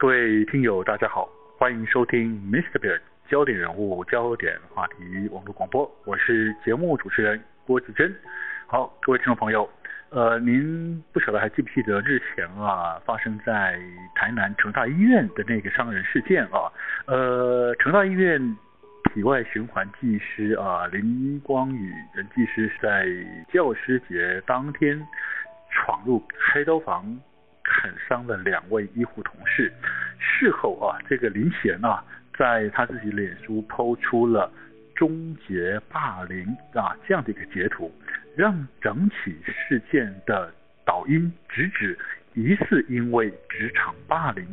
各位聽友，大家好，歡迎收聽 Mr. Big 焦點人物、焦點話題網絡廣播，我是節目主持人郭子珍。好，各位聽眾朋友，呃，您不曉得還記不記得日前啊發生在台南成大醫院的那個傷人事件啊？呃，成大醫院體外循環技師啊林光宇，人技師是在教師節當天闖入開刀房。砍傷了兩位醫護同事。事後啊，這個林賢啊，在他自己的臉書拋出了“終結霸凌啊”啊這樣的一個截圖，讓整起事件的導因直指疑似因為職場霸凌。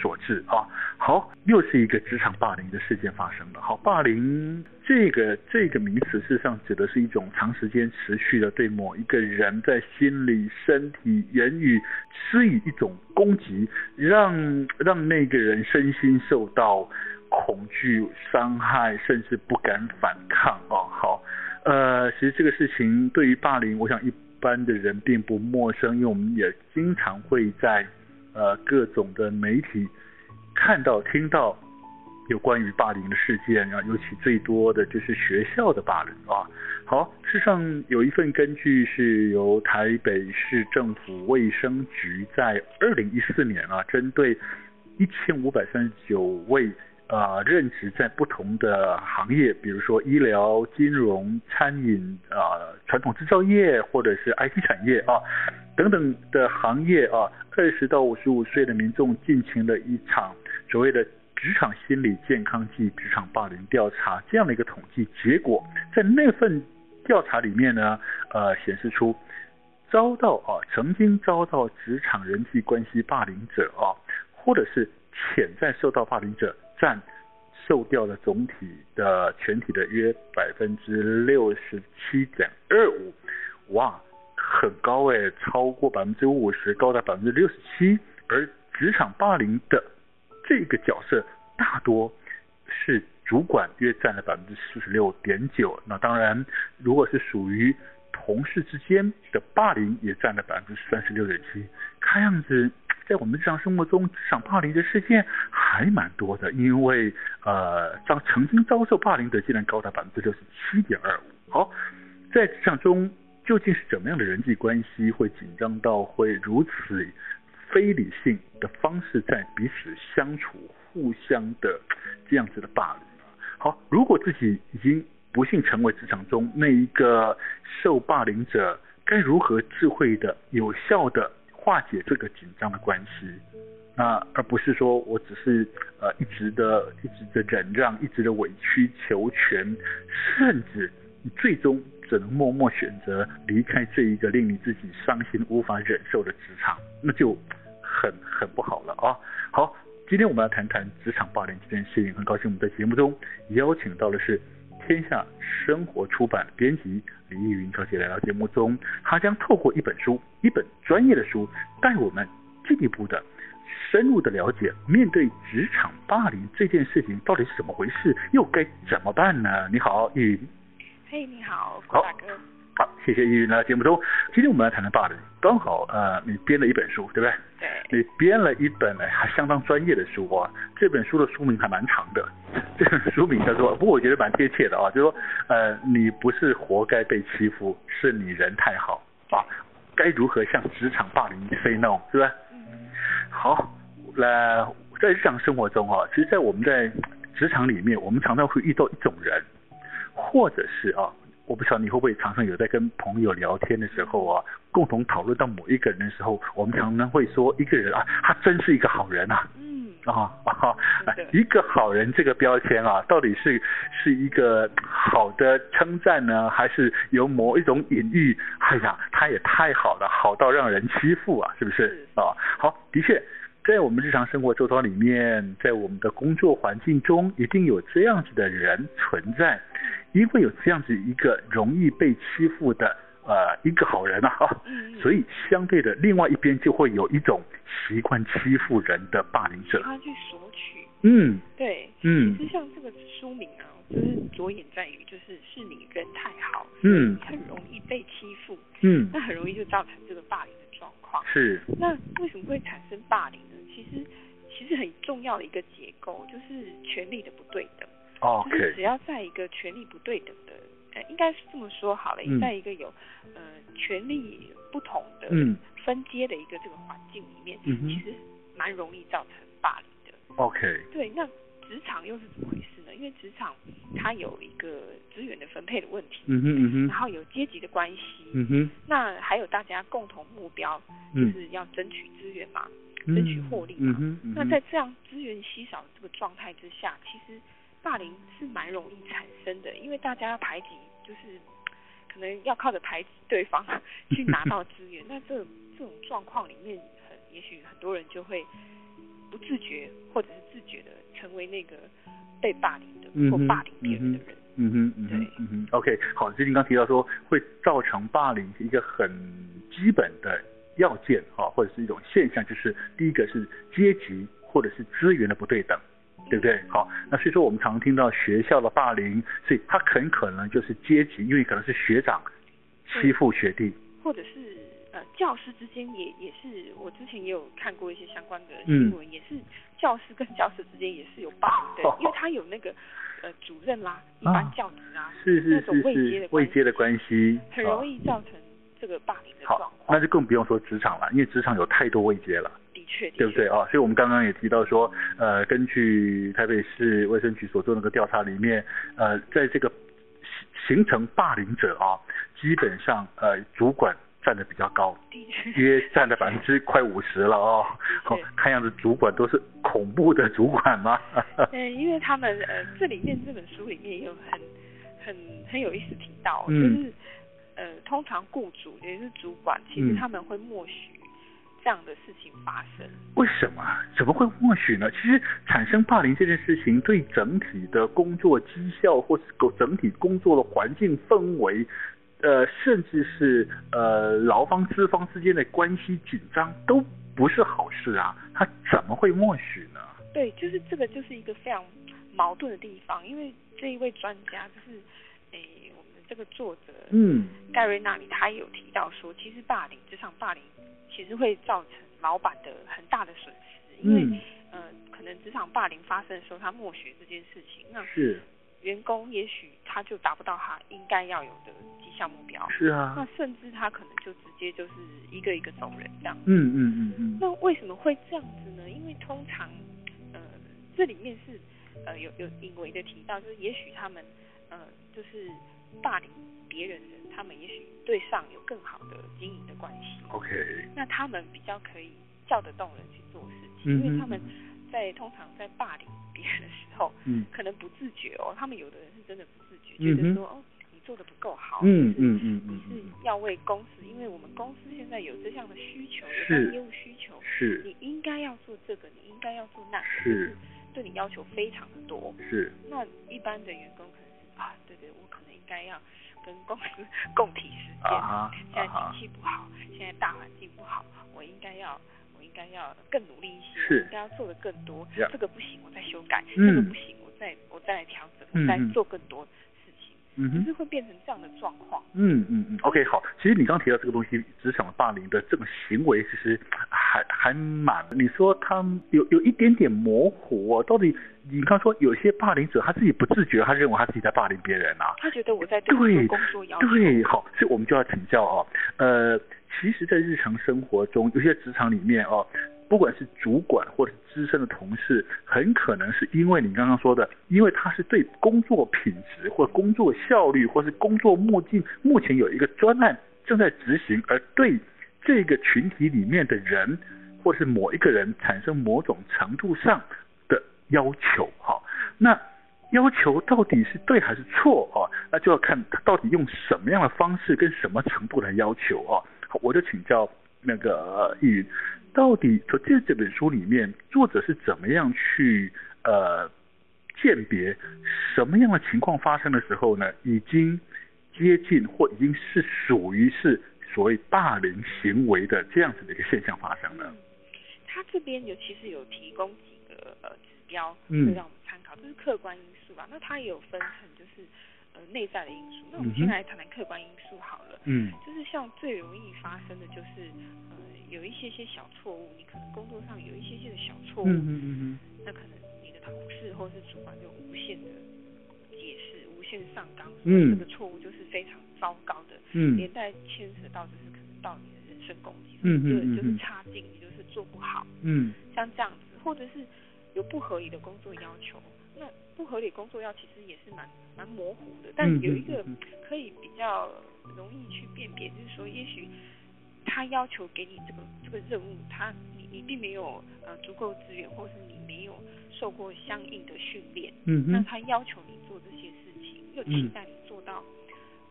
所致啊，好，又是一個職場霸凌的事件發生了。好，霸凌這個這個名詞，事實上指的是一種長時間持續的對某一個人在心理、身體、言語施以一種攻擊，讓讓那個人身心受到恐懼、傷害，甚至不敢反抗啊。好，呃，其實這個事情對於霸凌，我想一般的人並不陌生，因為我們也經常會在。呃，各種的媒體看到、聽到有關於霸凌的事件，啊，尤其最多的就是學校的霸凌啊。好，事實上有一份根據是由台北市政府衛生局在二零一四年啊，針對一千五百三十九位啊任職在不同的行業，比如說醫療、金融、餐飲啊、呃、傳統製造業或者是 IT 產業啊。等等的行業啊，二十到五十五歲的民眾進行了一場所謂的職場心理健康暨職場霸凌調查，這樣的一個統計結果，在那份調查裡面呢，呃，顯示出遭到啊曾經遭到職場人際關係霸凌者啊，或者是潛在受到霸凌者，占受調的總體的全體的約百分之六十七點二五，哇！很高哎、欸，超過百分之五十，高達百分之六十七。而職場霸凌的這個角色，大多是主管，約占了百分之四十六點九。那當然，如果是屬於同事之間的霸凌，也占了百分之三十六點七。看樣子，在我們日常生活中，職場霸凌的事件還蠻多的，因為呃，當曾經遭受霸凌的竟然高達百分之六十七點二五。好，在職場中。究竟是怎麼樣的人際關係會緊張到會如此非理性的方式在彼此相處、互相的這樣子的霸凌？好，如果自己已經不幸成為職場中那一個受霸凌者，該如何智慧的、有效的化解這個緊張的關係？那而不是說我只是呃一直的、一直的忍讓、一直的委曲求全，甚至最終。只能默默選擇離開這一個令你自己傷心無法忍受的職場，那就很很不好了啊！好，今天我們要談談職場霸凌這件事情，很高興我們在節目中邀請到的是天下生活出版編輯李奕昀小姐。來到節目中，她將透過一本書，一本專業的書，帶我們進一步的、深入的了解，面對職場霸凌這件事情到底是怎麼回事，又該怎麼辦呢？你好，奕昀。嘿，hey, 你好，郭大哥。好、啊，謝謝奕昀來到節目中。今天我們來談談霸凌，剛好呃，你編了一本書，對不對？對，你編了一本還相當專業的書啊。這本書的書名還蠻長的，這本書名叫做，嗯、不過我覺得蠻貼切，切的啊，就是說，呃，你不是活該被欺負，是你人太好啊。該如何向職場霸凌 Say No，是吧？嗯。好，那、呃、在日常生活中啊，其實，在我們在職場裡面，我們常常會遇到一種人。或者是啊，我不知道你會不會常常有在跟朋友聊天的時候啊，共同討論到某一個人的時候，我們常常會說一個人啊，他真是一個好人啊。嗯、啊。啊哈，一個好人這個標籤啊，到底是是一個好的稱讚呢，還是有某一種隱喻？哎呀，他也太好了，好到讓人欺負啊，是不是？啊，好，的確。在我們日常生活周遭裡面，在我們的工作環境中，一定有這樣子的人存在，因為有這樣子一個容易被欺負的呃一個好人啊，嗯、所以相對的另外一邊就會有一種習慣欺負人的霸凌者。他去索取，嗯，對，嗯，其實像這個書名啊。就是着眼在於，就是是你人太好，嗯，很容易被欺負，嗯，那很容易就造成這個霸凌的狀況。是，那為什麼會產生霸凌呢？其實，其實很重要的一個結構就是權力的不對等。哦，Okay. 就是只要在一個權力不對等的，呃、應該是這麼說好了，嗯、在一個有呃權力不同的分階的一個這個環境裡面，嗯哼，其實蠻容易造成霸凌的。OK，對，那職場又是怎麼回事？因為職場它有一個資源的分配的問題，嗯嗯、然後有階級的關係，嗯、哼那還有大家共同目標，就是要爭取資源嘛，嗯、爭取獲利嘛，嗯嗯、那在這樣資源稀少的這個狀態之下，其實霸凌是蠻容易產生的，因為大家要排擠，就是可能要靠着排擠對方、啊、去拿到資源，嗯、哼那這這種狀況裡面很，很也許很多人就會不自覺或者是自覺的成為那個被霸凌的或霸凌別人的人嗯，嗯哼，嗯哼，嗯哼。對 OK，好，最近剛提到說，會造成霸凌是一個很基本的要件啊，或者是一種現象，就是第一個是階級或者是資源的不對等，嗯、對不對？好，那所以說我們常聽到學校的霸凌，所以他很可能就是階級，因為可能是學長欺負學弟，或者是。教師之間也也是，我之前也有看過一些相關的新聞，嗯、也是教師跟教師之間也是有霸凌的，哦、因為他有那個呃主任啦、啊、啊、一般教職啊，啊種，的是是那是，位階的關係，很容易造成這個霸凌的狀況、哦嗯。那就更不用說職場了，因為職場有太多位階了，的確，的確對不對啊？所以我們剛剛也提到說，呃，根據台北市衛生局所做那個調查裡面，呃，在這個形形成霸凌者啊，基本上呃主管。佔的比較高，約占的，的確，的百分之快五十了哦，對，哦。看樣子主管都是恐怖的主管嗎？嗯，因為他們呃，這裡面這本書裡面也有很很很有意思提到，嗯、就是呃，通常雇主也就是主管，其實他們會默許這樣的事情發生、嗯。為什麼？怎麼會默許呢？其實產生霸凌這件事情，對整體的工作績效或是整體工作的環境氛圍。呃，甚至是呃，勞方資方之間的關係緊張都不是好事啊，他怎麼會默許呢？對，就是這個，就是一個非常矛盾的地方。因為這一位專家就是誒，我們這個作者，嗯，蓋瑞·納里，他也有提到說，其實霸凌職場霸凌其實會造成老板的很大的損失，嗯、因為呃，可能職場霸凌發生的時候，他默許這件事情，那是。員工也許他就達不到他應該要有的績效目標，是啊，那甚至他可能就直接就是一個一個走人這樣子嗯，嗯嗯嗯。嗯，那為什麼會這樣子呢？因為通常，呃，這裡面是呃有有因為的提到，就是也許他們，呃，就是霸凌別人的人，他們也許對上有更好的經營的關係，OK，那他們比較可以叫得動人去做事情，嗯、因為他們。在通常在霸凌別人的時候，嗯，可能不自覺哦。他們有的人是真的不自覺，覺得說哦，你做得不夠好，嗯嗯嗯，你是要為公司，因為我們公司現在有這項的需求，有業務需求，是，你應該要做這個，你應該要做那個，是，對你要求非常的多，是。那一般的員工可能是啊，對對，我可能應該要跟公司共體時艱啊，現在景氣不好，現在大環境不好，我應該要。應該要更努力一些，是應該要做的更多。Yeah, 這個不行，我再修改；嗯、這個不行我，我再、嗯、哼我再來調整，再做更多事情。嗯就哼是會變成這樣的狀況、嗯。嗯嗯嗯，OK，好。其實你剛提到這個東西，職場霸凌的這種行為，其實還還蠻……你說他有有一點點模糊、哦，到底你剛說有些霸凌者他自己不自覺，他認為他自己在霸凌別人啊？他覺得我在對工作要求對，對好，所以我們就要請教啊、哦，呃。其實，在日常生活中，有些職場裡面哦，不管是主管或者資深的同事，很可能是因為你剛剛說的，因為他是對工作品質或工作效率或是工作目的目前有一個專案正在執行，而對這個群體裡面的人，或是某一個人產生某種程度上的要求哈。那要求到底是對還是錯啊，那就要看到底用什麼樣的方式跟什麼程度來要求啊。我就請教那個奕昀，到底從這這本書裡面，作者是怎麼樣去呃鑑別什麼樣的情況發生的時候呢？已經接近或已經是屬於是所謂霸凌行為的這樣子的一個現象發生了。他、嗯、這邊有其實有提供幾個呃指標，嗯，會讓我們參考，就是客觀因素啊。那他也有分成，就是。呃，內在的因素，那我們先來談談客觀因素好了。嗯哼。就是像最容易發生的，就是呃有一些些小錯誤，你可能工作上有一些些的小錯誤。嗯嗯哼嗯，那可能你的同事或是主管就無限的解釋、無限上綱，說這個錯誤就是非常糟糕的，嗯哼，連帶牽扯到就是可能到你的人身攻擊，嗯哼，就是差勁，你就是做不好。嗯哼。像這樣子，或者是有不合理的工作要求。那不合理工作要，其實也是蠻蠻模糊的，但有一個可以比較容易去辨別，就是說，也許他要求給你這個這個任務，他你你並沒有呃足夠資源，或者是你沒有受過相應的訓練，嗯哼那他要求你做這些事情，又期待你做到，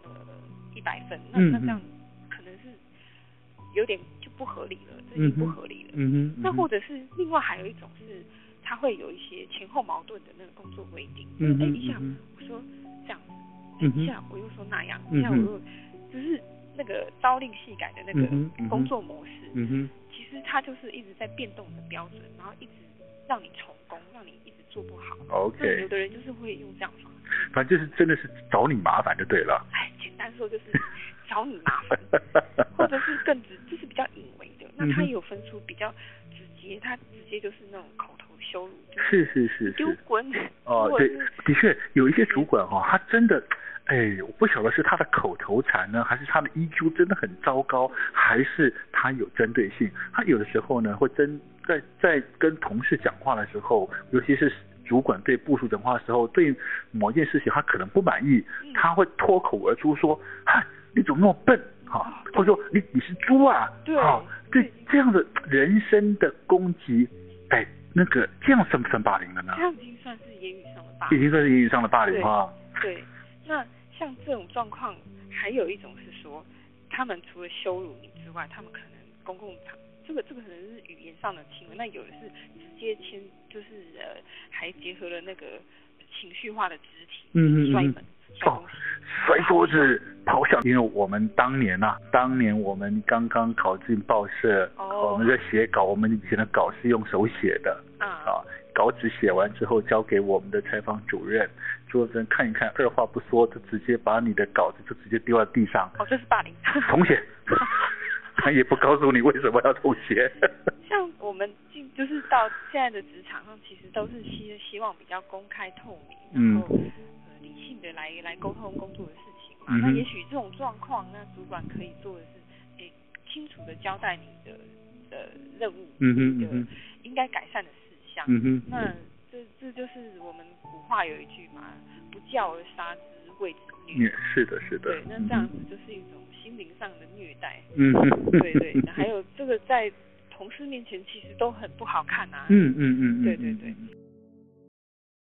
嗯、哼呃一百分，那那這樣可能是有點就不合理了，這是已經不合理了，嗯哼，嗯哼嗯哼那或者是另外還有一種是，他會有一些前後矛盾的那個工作規定。嗯嗯哼。哎，你我說這樣子，等、嗯、哼下我又說那樣，等、嗯、哼下我又就是那個朝令夕改的那個工作模式。嗯哼。嗯哼，其實他就是一直在變動的標準，然後一直讓你重工，讓你一直做不好。O K。有的人就是會用這樣方法。反正就是真的是找你麻煩就對了。哎，簡單說就是找你麻煩。哈哈哈或者是更直，就是比較隱微的。那他也有分出比較直接，他、嗯、哼直接就是那種口頭。是是是是滾哦，對，嗯、的確有一些主管哈，他真的哎，我不曉得是他的口頭禪呢，還是他的 EQ 真的很糟糕，還是他有針對性。他有的時候呢，會真在在跟同事講話的時候，尤其是主管對部屬講話的時候，對某件事情他可能不滿意，嗯、他會脫口而出說，嗨、嗯哎，你怎麼那麼笨啊？或者說、嗯、你你是豬啊？對、嗯，對，哦、對這樣的人身的攻擊。那個這樣算不算霸凌了呢？這樣已經算是言語上的霸凌了，已經算是言語上的霸凌了，對。對，那像這種狀況，還有一種是說，他們除了羞辱你之外，他們可能公共場，這個這個可能是語言上的輕微，那有的是直接簽，就是呃，還結合了那個情緒化的肢體，嗯嗯摔門摔說，哦，是咆哮。啊，因為我們當年吶，啊，當年我們剛剛考進報社，我們在寫稿，我們以前的稿是用手寫的。稿子寫完之後，交給我們的採訪主任，主任看一看，二話不說就直接把你的稿子就直接丟到地上。哦，這、就是霸凌。 同學，他 也不告訴你為什麼要重寫。像我們進就是到現在的職場上，其實都是希希望比較公開透明，嗯、然後、呃、理性的來來溝通工作的事情嘛。嗯、哼那也許這種狀況，那主管可以做的是，誒，清楚的交代你的，的任務，嗯嗯，一個應該改善的事。事嗯嗯 那這這就是我們古話有一句嘛，不教而殺之謂之虐。Yeah, 是的，是的。對，那這樣子就是一種心靈上的虐待。嗯 對，對對，還有這個在同事面前其實都很不好看啊。嗯嗯嗯， 對對對。